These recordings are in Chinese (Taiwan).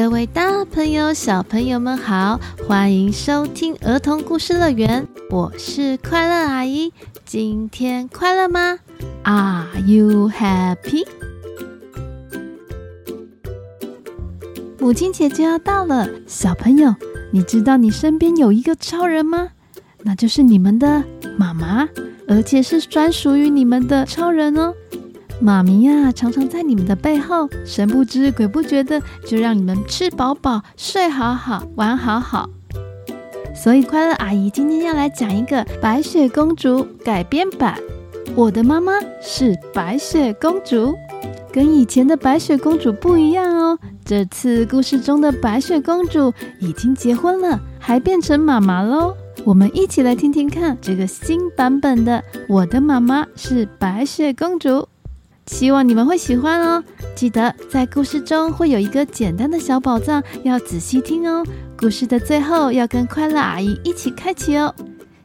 各位大朋友、小朋友們好，歡迎收聽兒童故事樂園，我是快樂阿姨。今天快樂嗎？Are you happy？母親節就要到了，小朋友，你知道你身邊有一個超人嗎？那就是你們的媽媽，而且是專屬於你們的超人哦。媽咪呀、啊，常常在你們的背後神不知鬼不覺的，就讓你們吃飽飽、睡好好、玩好好。所以快樂阿姨今天要來講一個白雪公主改編版，《我的媽媽是白雪公主》，跟以前的白雪公主不一樣哦。這次故事中的白雪公主已經結婚了，還變成媽媽嘍。我們一起來聽聽看這個新版本的《我的媽媽是白雪公主》。希望你們會喜歡哦！記得在故事中會有一個簡單的小寶藏，要仔細聽哦。故事的最後要跟快樂阿姨一起開啟哦。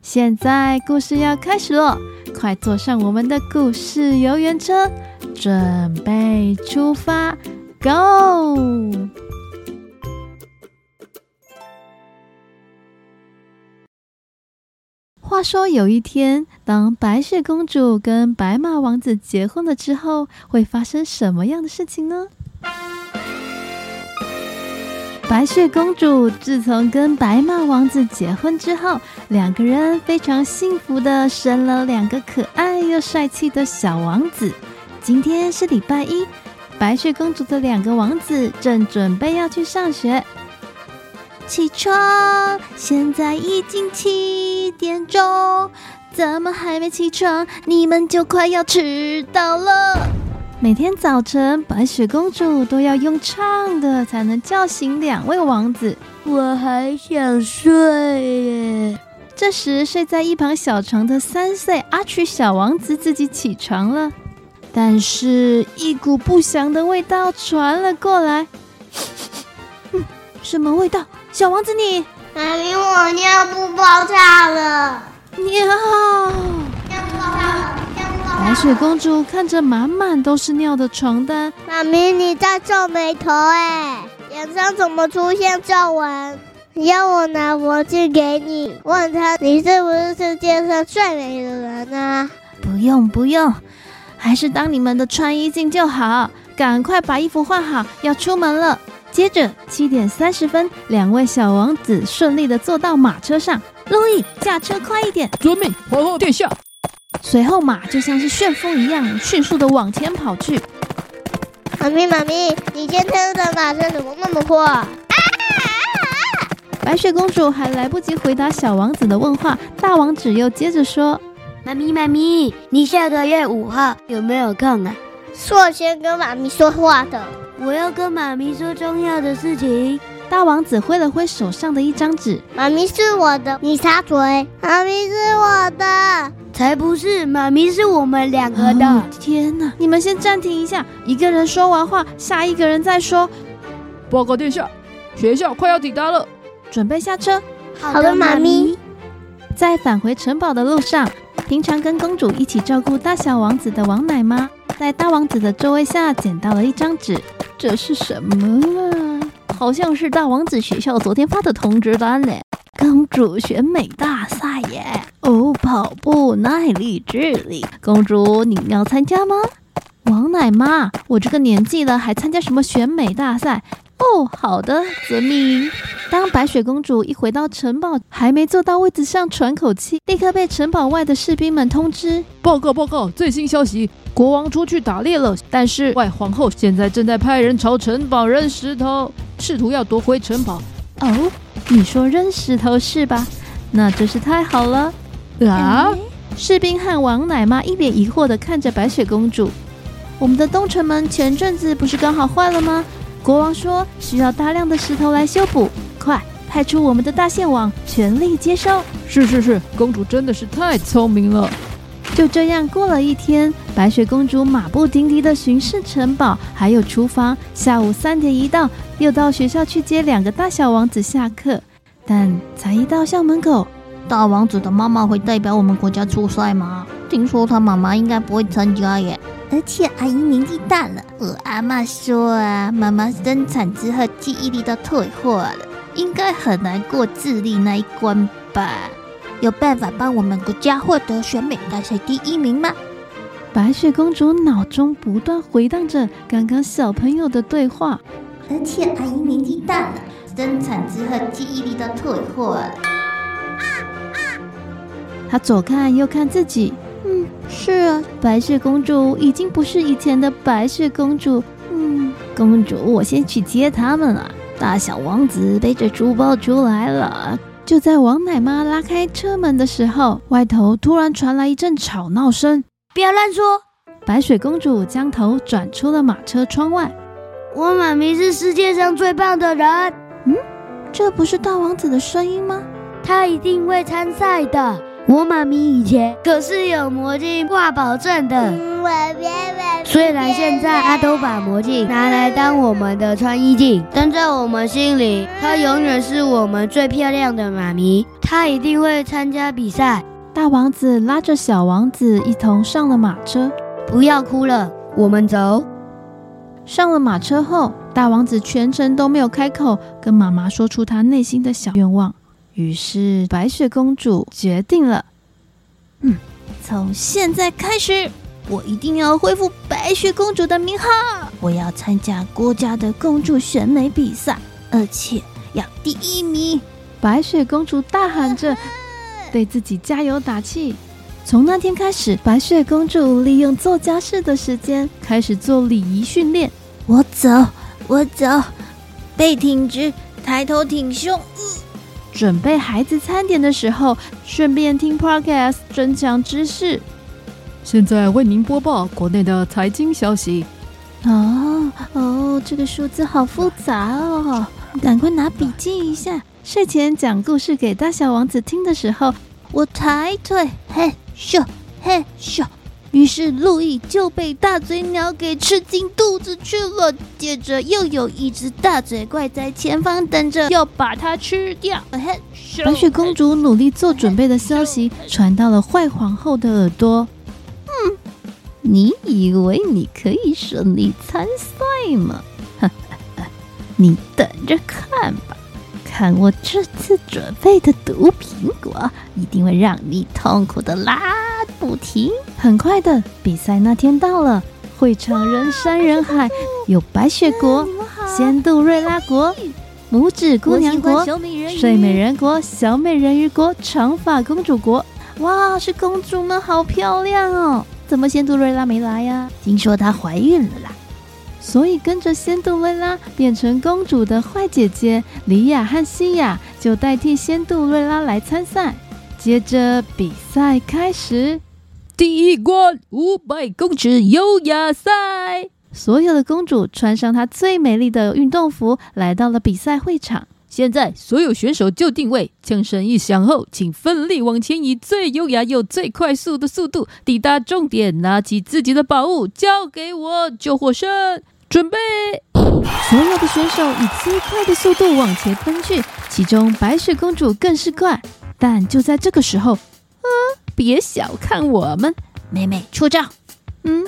現在故事要開始嘍，快坐上我們的故事遊園車，準備出發，Go！他說有一天，當白雪公主跟白馬王子結婚了之後，會發生什麼樣的事情呢？白雪公主自從跟白馬王子結婚之後，兩個人非常幸福的生了兩個可愛又帥氣的小王子。今天是禮拜一，白雪公主的兩個王子正準備要去上學。起床！現在已經七點鐘，怎麼還沒起床？你們就快要遲到了。每天早晨，白雪公主都要用唱的才能叫醒兩位王子。我還想睡耶。這時，睡在一旁小床的三歲阿曲小王子自己起床了，但是，一股不祥的味道傳了過來。什麼味道？小王子你。媽咪，我尿布爆炸了，尿尿布爆炸了，尿布爆炸了。白雪公主看着滿滿都是尿的床單，媽咪你在皺眉頭哎、欸，臉上怎麼出現皺紋？要我拿魔鏡給你，問他你是不是世界上最美的人啊？不用不用，還是當你們的穿衣鏡就好。趕快把衣服換好，要出門了。接着七點三十分，兩位小王子順利地坐到馬車上。路易駕車快一點，遵命，皇后殿下。隨後馬就像是旋風一樣，迅速地往前跑去。媽咪媽咪，你今天的馬車怎麼那麼快啊？啊啊啊！白雪公主還來不及回答小王子的問話，大王子又接着說：媽咪媽咪，你下個月五號有沒有空啊？是我先跟媽咪說話的。我要跟媽咪說重要的事情。大王子揮了揮手上的一張紙。媽咪是我的，你插嘴。媽咪是我的。才不是，媽咪是我們兩個的。哦，天哪！你們先暫停一下，一個人說完話，下一個人再說。報告殿下，學校快要抵達了，準備下車。好的，媽咪。在返回城堡的路上，平常跟公主一起照顧大小王子的王奶媽，在大王子的座位下撿到了一張紙。這是什麼啊？好像是大王子學校昨天發的通知單呢。公主選美大賽耶！哦，跑步、耐力、智力，公主你要參加嗎？王奶媽，我這個年紀了，還參加什麼選美大賽？哦，好的，遵命。當白雪公主一回到城堡，還沒坐到位子上喘口氣，立刻被城堡外的士兵們通知：“報告，報告！最新消息，國王出去打獵了，但是壞皇后現在正在派人朝城堡扔石頭，試圖要奪回城堡。”哦，你說扔石頭是吧？那真是太好了！啊！士兵和王奶媽一臉疑惑的看着白雪公主。我們的東城門前陣子不是剛好壞了嗎？國王說：“需要大量的石頭來修補，快派出我們的大線網，全力接收。”是是是，公主真的是太聰明了。就這樣過了一天，白雪公主馬不停蹄地巡視城堡，還有廚房。下午三點一到，又到學校去接兩個大小王子下課。但才一到校門口，大王子的媽媽會代表我們國家出賽嗎？聽說他媽媽應該不會參加耶。而且阿姨年紀大了，我阿媽說啊，媽媽生產之後記憶力都退化了，應該很難過智力那一關吧？有辦法幫我們國家獲得選美大賽第一名嗎？白雪公主腦中不斷回盪着剛剛小朋友的對話，而且阿姨年紀大了，生產之後記憶力都退化了。啊啊！她左看右看自己。是啊，白雪公主已經不是以前的白雪公主。嗯，公主，我先去接他們了。大小王子背着書包出來了，就在王奶媽拉開車門的時候，外頭突然傳來一陣吵鬧聲。不要亂說！白雪公主將頭轉出了馬車窗外。我媽咪是世界上最棒的人。嗯？這不是大王子的聲音嗎？他一定會參賽的。我媽咪以前可是有魔鏡掛保證的，嗯，我別。雖然現在她都把魔鏡拿來當我們的穿衣鏡，但在我們心裡，她永遠是我們最漂亮的媽咪。她一定會參加比賽。大王子拉着小王子一同上了馬車。不要哭了，我們走。上了馬車後，大王子全程都沒有開口跟媽媽說出他內心的小願望。於是，白雪公主決定了。嗯，從現在開始，我一定要恢復白雪公主的名號。我要參加國家的公主選美比賽，而且要第一名！嗯，白雪公主大喊着， 對自己加油打氣。從那天開始，白雪公主利用做家事的時間開始做禮儀訓練。我走，我走，背挺直，抬頭挺胸。嗯準備孩子餐點的時候，順便聽 podcast 增強知識。現在為您播報國內的財經消息。哦哦，這個數字好複雜哦，趕快拿筆記一下。睡前講故事給大小王子聽的時候，我抬腿，嘿咻，嘿咻。於是路易就被大嘴鳥給吃進肚子去了。接着又有一隻大嘴怪在前方等着要把它吃掉。白雪公主努力做準備的消息傳到了壞皇後的耳朵。嗯，你以為你可以順利參賽嗎？哈哈哈，你等着看吧，看我這次準備的毒蘋果一定會讓你痛苦的啦。不停，很快的比賽那天到了，會場人山人海，有白雪國、啊、仙杜瑞拉國、拇指姑娘國、睡美人國、小美人魚國、長髮公主國。哇，是公主們，好漂亮哦！怎麼仙杜瑞拉沒來呀？啊？聽說她懷孕了啦，所以跟着仙杜瑞拉變成公主的壞姐姐莉亞和西亞就代替仙杜瑞拉來參賽。接着比賽開始，第一關五百公尺優雅賽。所有的公主穿上她最美麗的運動服，來到了比賽會場。現在所有選手就定位，槍聲一響後，請奮力往前，以最優雅又最快速的速度抵達終點，拿起自己的寶物交給我，就獲勝。準備！所有的選手以最快的速度往前奔去，其中白雪公主更是快。但就在這個時候，呵、呃，別小看我們，妹妹出招。嗯，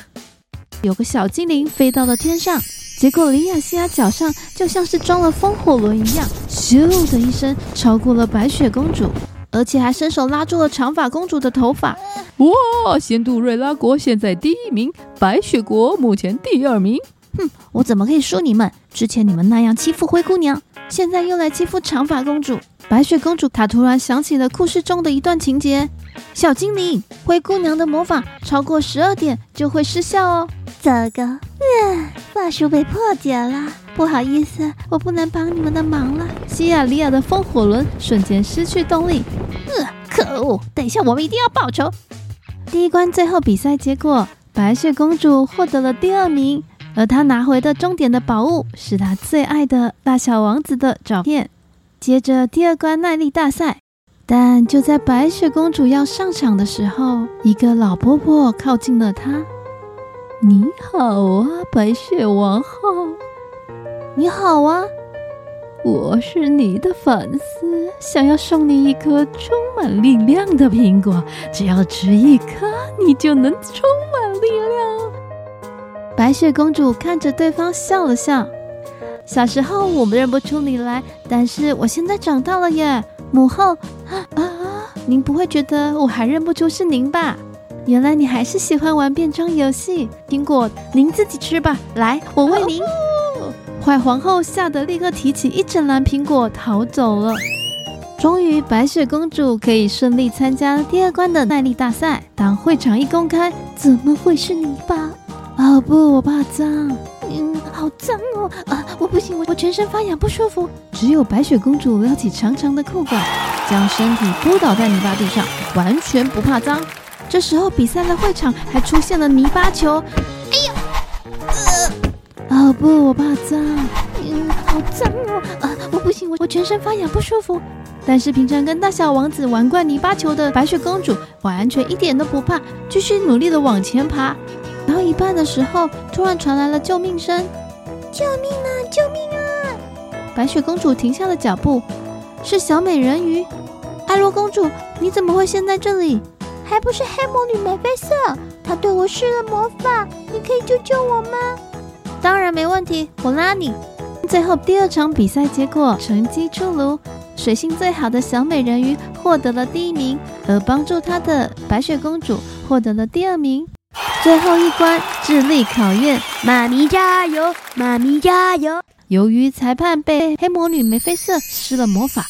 有個小精靈飛到了天上，結果里亞西婭腳上就像是裝了風火輪一樣，咻的一聲超過了白雪公主，而且還伸手拉住了長髮公主的頭髮。哇，仙杜瑞拉國現在第一名，白雪國目前第二名。哼，我怎麼可以輸你們？之前你們那樣欺負灰姑娘，現在又來欺負長髮公主。白雪公主，她突然想起了故事中的一段情節。小精靈，灰姑娘的魔法超過十二點就會失效哦。糟糕，嗯，法術被破解了。不好意思，我不能幫你們的忙了。西雅麗亞的風火輪瞬間失去動力。嗯、呃，可惡！等一下，我們一定要報仇。第一關最後比賽結果，白雪公主獲得了第二名，而她拿回的終點的寶物是她最愛的大小王子的照片。接着第二關耐力大賽，但就在白雪公主要上場的時候，一個老婆婆靠近了她。“你好啊，白雪王後，你好啊，我是你的粉絲，想要送你一顆充滿力量的蘋果，只要吃一顆，你就能充滿力量。”白雪公主看着對方笑了笑。小時候我們認不出你來，但是我現在長大了耶，母後啊，啊，您不會覺得我還認不出是您吧？原來你還是喜歡玩變裝遊戲，蘋果您自己吃吧，來，我餵您。哦、壞皇后嚇得立刻提起一整籃蘋果逃走了。終於，白雪公主可以順利參加第二關的耐力大賽，當會場一公開，怎麼會是你吧？哦不，我怕髒。好髒哦！啊，我不行，我我全身發癢不舒服。只有白雪公主撩起長長的褲管，將身體撲倒在泥巴地上，完全不怕髒。這時候比賽的會場還出現了泥巴球，哎呦，呃，哦不，我怕髒，嗯、呃，好髒哦！啊，我不行，我我全身發癢不舒服。但是平常跟大小王子玩慣泥巴球的白雪公主完全一點都不怕，繼續努力的往前爬。到一半的時候，突然傳來了救命聲。救命啊！救命啊！白雪公主停下了腳步，是小美人魚。艾羅公主，你怎麼會陷在這裡？還不是黑魔女梅菲瑟，她對我施了魔法，你可以救救我嗎？當然沒問題，我拉你。最後，第二場比賽結果成績出爐，水性最好的小美人魚獲得了第一名，而幫助她的白雪公主獲得了第二名。最後一關，智力考驗。媽咪加油，媽咪加油！由於裁判被黑魔女梅菲瑟施了魔法，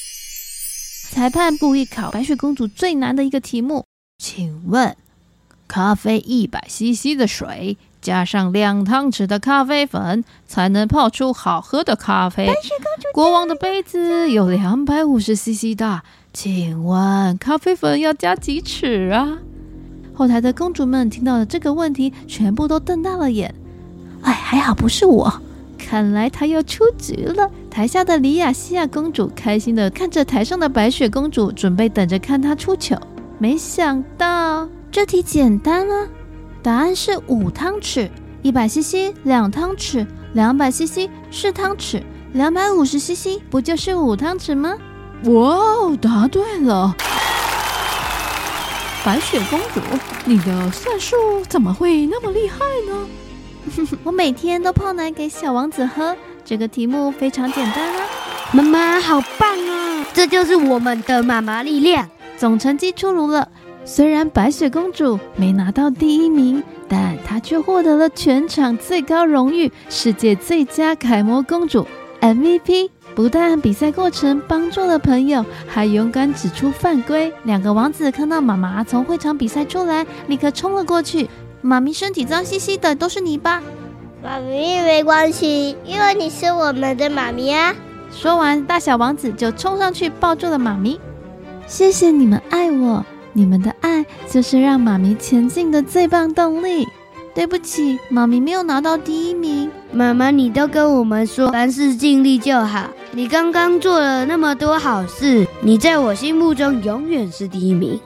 裁判不意考白雪公主最難的一個題目。請問，咖啡一百 CC 的水加上兩湯匙的咖啡粉才能泡出好喝的咖啡？白雪公主，國王的杯子有兩百五十 CC 大，請問咖啡粉要加幾匙啊？後臺的公主們聽到了這個問題，全部都瞪大了眼。哎，還好不是我，看來她要出局了。台下的李亞西亞公主開心的看着台上的白雪公主，準備等着看她出糗。沒想到這題簡單啊，答案是五湯匙。一百 cc 兩湯匙，兩百 cc 四湯匙，兩百五十 cc 不就是五湯匙嗎？哇哦，答對了！白雪公主，你的算術怎麼會那麼厲害呢？ 我每天都泡奶給小王子喝。這個題目非常簡單啊！媽媽好棒啊！這就是我們的媽媽力量。總成績出爐了，雖然白雪公主沒拿到第一名，但她卻獲得了全場最高榮譽——世界最佳楷模公主 MVP。不但比賽過程幫助了朋友，還勇敢指出犯規。兩個王子看到媽媽從會場比賽出來，立刻衝了過去。媽咪身體髒兮兮的，都是泥巴。媽咪沒關係，因為你是我們的媽咪啊！說完，大小王子就衝上去抱住了媽咪。謝謝你們愛我，你們的愛就是讓媽咪前進的最棒動力。對不起，媽咪沒有拿到第一名。媽媽，你都跟我們說，凡事盡力就好。你剛剛做了那麼多好事，你在我心目中永遠是第一名。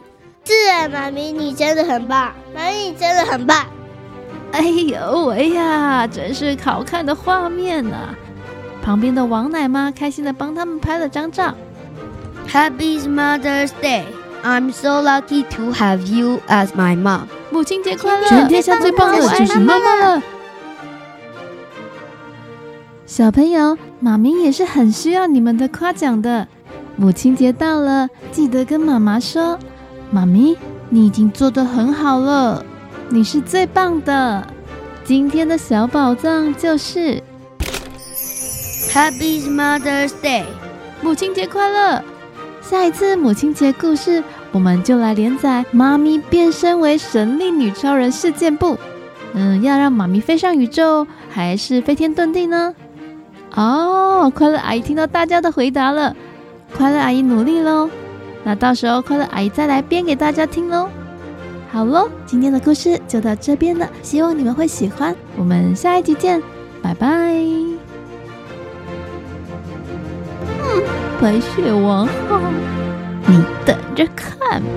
是啊，媽咪，你真的很棒。媽咪，你真的很棒。哎呦喂，哎呀，真是好看的畫面啊！旁邊的王奶媽開心地幫他們拍了張照。Happy Mother's Day! I'm so lucky to have you as my mom. 母親節快樂！全天下最棒的我就是媽媽了。小朋友，媽咪也是很需要你們的誇獎的。母親節到了，記得跟媽媽說：“媽咪，你已經做得很好了，你是最棒的。”今天的小寶藏就是 “Happy Mother's Day”，母親節快樂！下一次母親節故事，我們就來連載《媽咪變身為神力女超人事件簿》。嗯，要讓媽咪飛上宇宙，還是飛天遁地呢？哦，快樂阿姨聽到大家的回答了，快樂阿姨努力嘍，那到時候快樂阿姨再來編給大家聽嘍。好咯，今天的故事就到這邊了，希望你們會喜歡，我們下一集見，拜拜。嗯，白雪王后啊，你等着看吧。